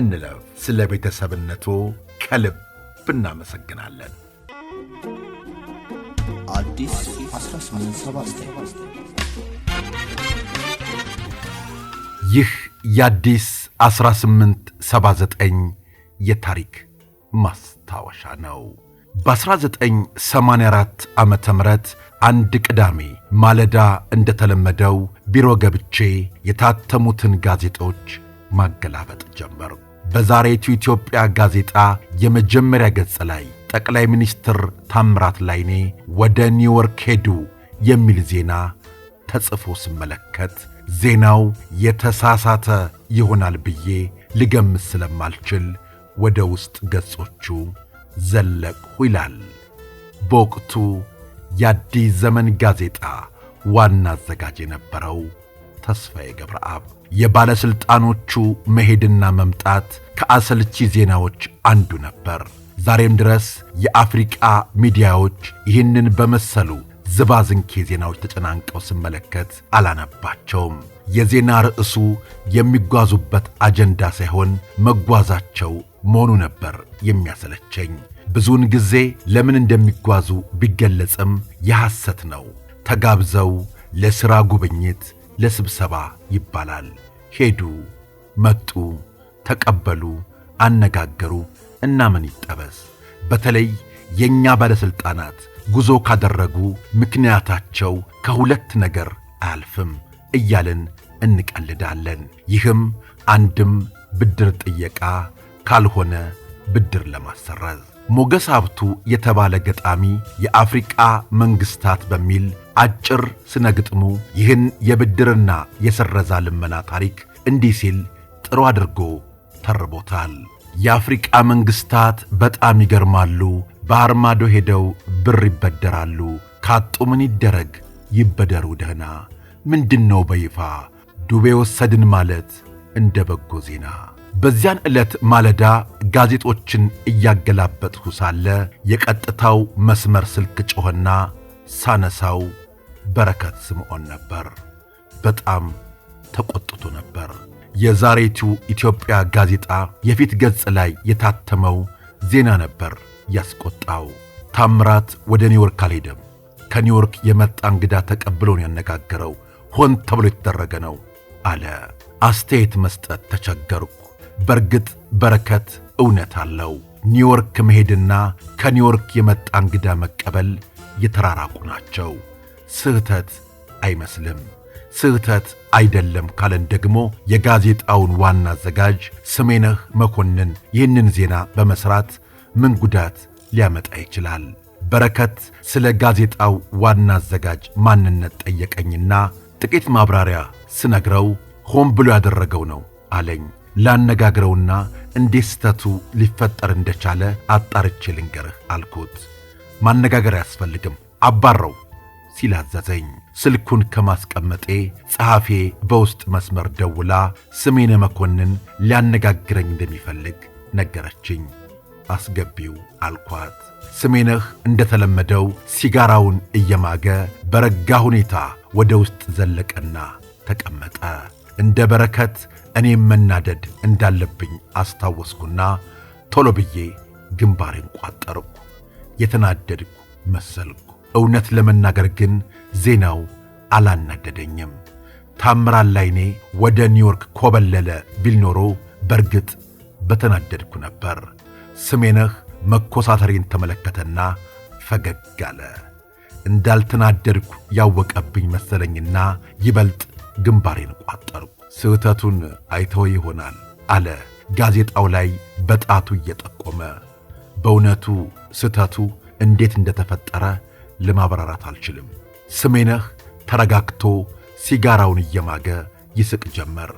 እንለፍ። ስለ ቤተሰብነቱ ከልብ እናመሰግናለን። ይህ የአዲስ 1879 የታሪክ ማስታወሻ ነው። በ1984 ዓ ም አንድ ቅዳሜ ማለዳ እንደተለመደው ቢሮ ገብቼ የታተሙትን ጋዜጦች ማገላበጥ ጀመር። በዛሬቱ ኢትዮጵያ ጋዜጣ የመጀመሪያ ገጽ ላይ ጠቅላይ ሚኒስትር ታምራት ላይኔ ወደ ኒውዮርክ ሄዱ የሚል ዜና ተጽፎ ስመለከት ዜናው የተሳሳተ ይሆናል ብዬ ልገምት ስለማልችል ወደ ውስጥ ገጾቹ ዘለቅሁ ይላል። በወቅቱ የአዲስ ዘመን ጋዜጣ ዋና አዘጋጅ የነበረው ተስፋዬ ገብረአብ የባለሥልጣኖቹ መሄድና መምጣት ከአሰልቺ ዜናዎች አንዱ ነበር። ዛሬም ድረስ የአፍሪቃ ሚዲያዎች ይህንን በመሰሉ ዝባዝንኬ ዜናዎች ተጨናንቀው ስመለከት አላነባቸውም። የዜና ርዕሱ የሚጓዙበት አጀንዳ ሳይሆን መጓዛቸው መሆኑ ነበር የሚያሰለቸኝ። ብዙውን ጊዜ ለምን እንደሚጓዙ ቢገለጽም የሐሰት ነው። ተጋብዘው ለሥራ ጉብኝት፣ ለስብሰባ ይባላል። ሄዱ፣ መጡ፣ ተቀበሉ፣ አነጋገሩ እና ምን ይጠበስ። በተለይ የእኛ ባለሥልጣናት ጉዞ ካደረጉ ምክንያታቸው ከሁለት ነገር አያልፍም እያልን እንቀልዳለን። ይህም አንድም ብድር ጥየቃ ካልሆነ ብድር ለማሰረዝ ሞገስ ሀብቱ የተባለ ገጣሚ የአፍሪቃ መንግሥታት በሚል አጭር ስነ ግጥሙ ይህን የብድርና የስረዛ ልመና ታሪክ እንዲህ ሲል ጥሩ አድርጎ ተርቦታል። የአፍሪቃ መንግሥታት በጣም ይገርማሉ። በአርማዶ ሄደው ብር ይበደራሉ። ካጡ ምን ይደረግ ይበደሩ ደህና። ምንድን ነው በይፋ ዱቤ ወሰድን ማለት እንደ በጎ ዜና። በዚያን ዕለት ማለዳ ጋዜጦችን እያገላበጥሁ ሳለ የቀጥታው መስመር ስልክ ጮኸና ሳነሳው በረከት ስምዖን ነበር። በጣም ተቆጥቶ ነበር። የዛሬቱ ኢትዮጵያ ጋዜጣ የፊት ገጽ ላይ የታተመው ዜና ነበር ያስቆጣው። ታምራት ወደ ኒውዮርክ አልሄደም። ከኒውዮርክ የመጣ እንግዳ ተቀብሎን ያነጋገረው ሆን ተብሎ የተደረገ ነው አለ። አስተያየት መስጠት ተቸገርኩ። በእርግጥ በረከት እውነት አለው። ኒውዮርክ መሄድና ከኒውዮርክ የመጣ እንግዳ መቀበል የተራራቁ ናቸው። ስህተት አይመስልም። ስህተት አይደለም ካለን ደግሞ የጋዜጣውን ዋና አዘጋጅ ስሜነህ መኮንን ይህንን ዜና በመስራት ምን ጉዳት ሊያመጣ ይችላል? በረከት ስለ ጋዜጣው ዋና አዘጋጅ ማንነት ጠየቀኝና ጥቂት ማብራሪያ ስነግረው ሆን ብሎ ያደረገው ነው አለኝ። ላነጋግረውና እንዴት ስህተቱ ሊፈጠር እንደቻለ አጣርቼ ልንገርህ አልኩት። ማነጋገር አያስፈልግም አባረው ሲል አዘዘኝ። ስልኩን ከማስቀመጤ ጸሐፌ በውስጥ መስመር ደውላ ስሜነ መኮንን ሊያነጋግረኝ እንደሚፈልግ ነገረችኝ። አስገቢው አልኳት። ስሜነህ እንደተለመደው ሲጋራውን እየማገ በረጋ ሁኔታ ወደ ውስጥ ዘለቀና ተቀመጠ። እንደ በረከት እኔም መናደድ እንዳለብኝ አስታወስኩና ቶሎ ብዬ ግንባሬን ቋጠርኩ። የተናደድኩ መሰልኩ። እውነት ለመናገር ግን ዜናው አላናደደኝም። ታምራት ላይኔ ወደ ኒውዮርክ ኮበለለ ቢል ኖሮ በእርግጥ በተናደድኩ ነበር። ስሜነህ መኮሳተሬን ተመለከተና ፈገግ አለ። እንዳልተናደድኩ ያወቀብኝ መሰለኝና ይበልጥ ግንባሬን ቋጠርኩ። ስህተቱን አይተው ይሆናል አለ ጋዜጣው ላይ በጣቱ እየጠቆመ። በእውነቱ ስህተቱ እንዴት እንደተፈጠረ ለማብራራት አልችልም። ስሜነህ ተረጋግቶ ሲጋራውን እየማገ ይስቅ ጀመር።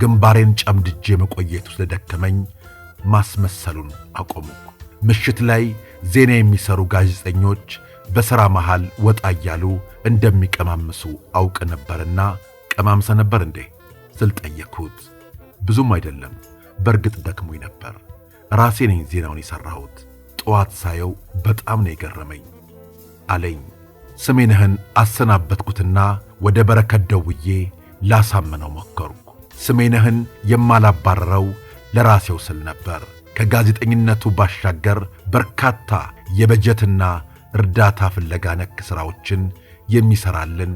ግንባሬን ጨምድጄ መቆየቱ ስለደከመኝ ማስመሰሉን አቆሙ። ምሽት ላይ ዜና የሚሰሩ ጋዜጠኞች በሥራ መሃል ወጣ እያሉ እንደሚቀማምሱ አውቅ ነበርና ቀማምሰ ነበር እንዴ ስል ጠየቅሁት። ብዙም አይደለም፣ በእርግጥ ደክሞኝ ነበር። ራሴ ነኝ ዜናውን የሠራሁት። ጠዋት ሳየው በጣም ነው የገረመኝ። አለኝ። ስሜንህን አሰናበትኩትና ወደ በረከት ደውዬ ላሳምነው ሞከርኩ። ስሜንህን የማላባረረው ለራሴው ስል ነበር። ከጋዜጠኝነቱ ባሻገር በርካታ የበጀትና እርዳታ ፍለጋ ነክ ሥራዎችን የሚሠራልን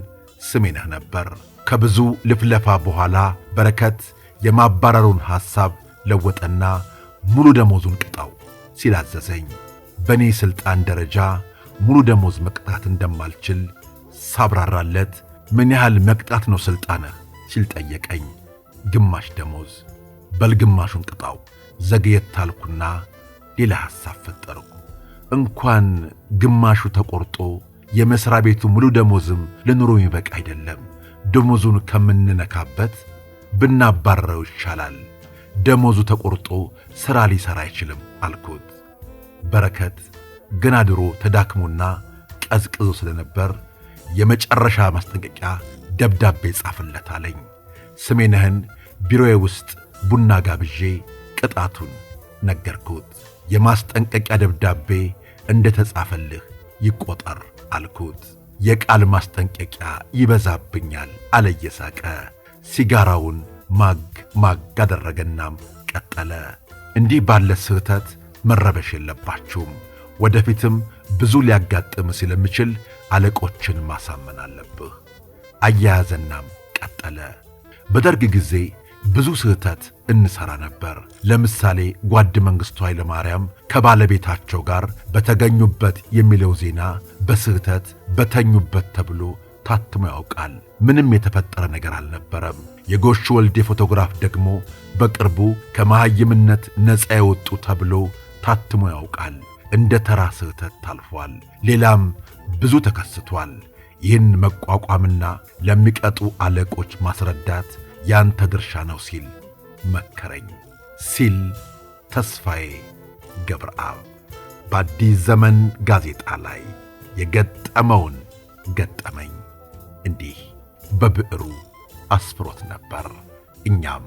ስሜነህ ነበር። ከብዙ ልፍለፋ በኋላ በረከት የማባረሩን ሐሳብ ለወጠና ሙሉ ደሞዙን ቅጠው ሲል አዘዘኝ። በእኔ ሥልጣን ደረጃ ሙሉ ደሞዝ መቅጣት እንደማልችል ሳብራራለት ምን ያህል መቅጣት ነው ሥልጣንህ ሲል ጠየቀኝ። ግማሽ ደሞዝ በልግማሹን ቅጣው። ዘግየት አልኩና ሌላ ሐሳብ ፈጠርኩ። እንኳን ግማሹ ተቆርጦ የመሥሪያ ቤቱ ሙሉ ደሞዝም ልኑሮ ይበቅ አይደለም። ደሞዙን ከምንነካበት ብናባረረው ይሻላል። ደሞዙ ተቆርጦ ሥራ ሊሠራ አይችልም አልኩት። በረከት ገና ድሮ ተዳክሞና ቀዝቅዞ ስለነበር የመጨረሻ ማስጠንቀቂያ ደብዳቤ ጻፍለት አለኝ። ስሜነህን ቢሮዬ ውስጥ ቡና ጋብዤ ቅጣቱን ነገርኩት። የማስጠንቀቂያ ደብዳቤ እንደ ተጻፈልህ ይቆጠር አልኩት። የቃል ማስጠንቀቂያ ይበዛብኛል አለ እየሳቀ። ሲጋራውን ማግ ማግ አደረገናም ቀጠለ። እንዲህ ባለ ስህተት መረበሽ የለባችሁም። ወደፊትም ብዙ ሊያጋጥም ስለሚችል አለቆችን ማሳመን አለብህ። አያያዘናም ቀጠለ። በደርግ ጊዜ ብዙ ስህተት እንሰራ ነበር። ለምሳሌ ጓድ መንግሥቱ ኃይለማርያም ከባለቤታቸው ጋር በተገኙበት የሚለው ዜና በስህተት በተኙበት ተብሎ ታትሞ ያውቃል። ምንም የተፈጠረ ነገር አልነበረም። የጎሹ ወልዴ ፎቶግራፍ ደግሞ በቅርቡ ከመሐይምነት ነፃ የወጡ ተብሎ ታትሞ ያውቃል። እንደ ተራ ስህተት ታልፏል። ሌላም ብዙ ተከስቷል። ይህን መቋቋምና ለሚቀጡ አለቆች ማስረዳት ያንተ ድርሻ ነው ሲል መከረኝ ሲል ተስፋዬ ገብረአብ በአዲስ ዘመን ጋዜጣ ላይ የገጠመውን ገጠመኝ እንዲህ በብዕሩ አስፍሮት ነበር። እኛም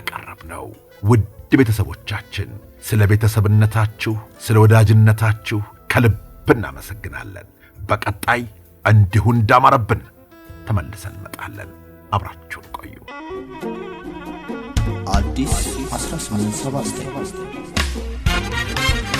አቀረብነው። ውድ ውድ ቤተሰቦቻችን ስለ ቤተሰብነታችሁ፣ ስለ ወዳጅነታችሁ ከልብ እናመሰግናለን። በቀጣይ እንዲሁ እንዳማረብን ተመልሰን እንመጣለን። አብራችሁን ቆዩ። አዲስ 1879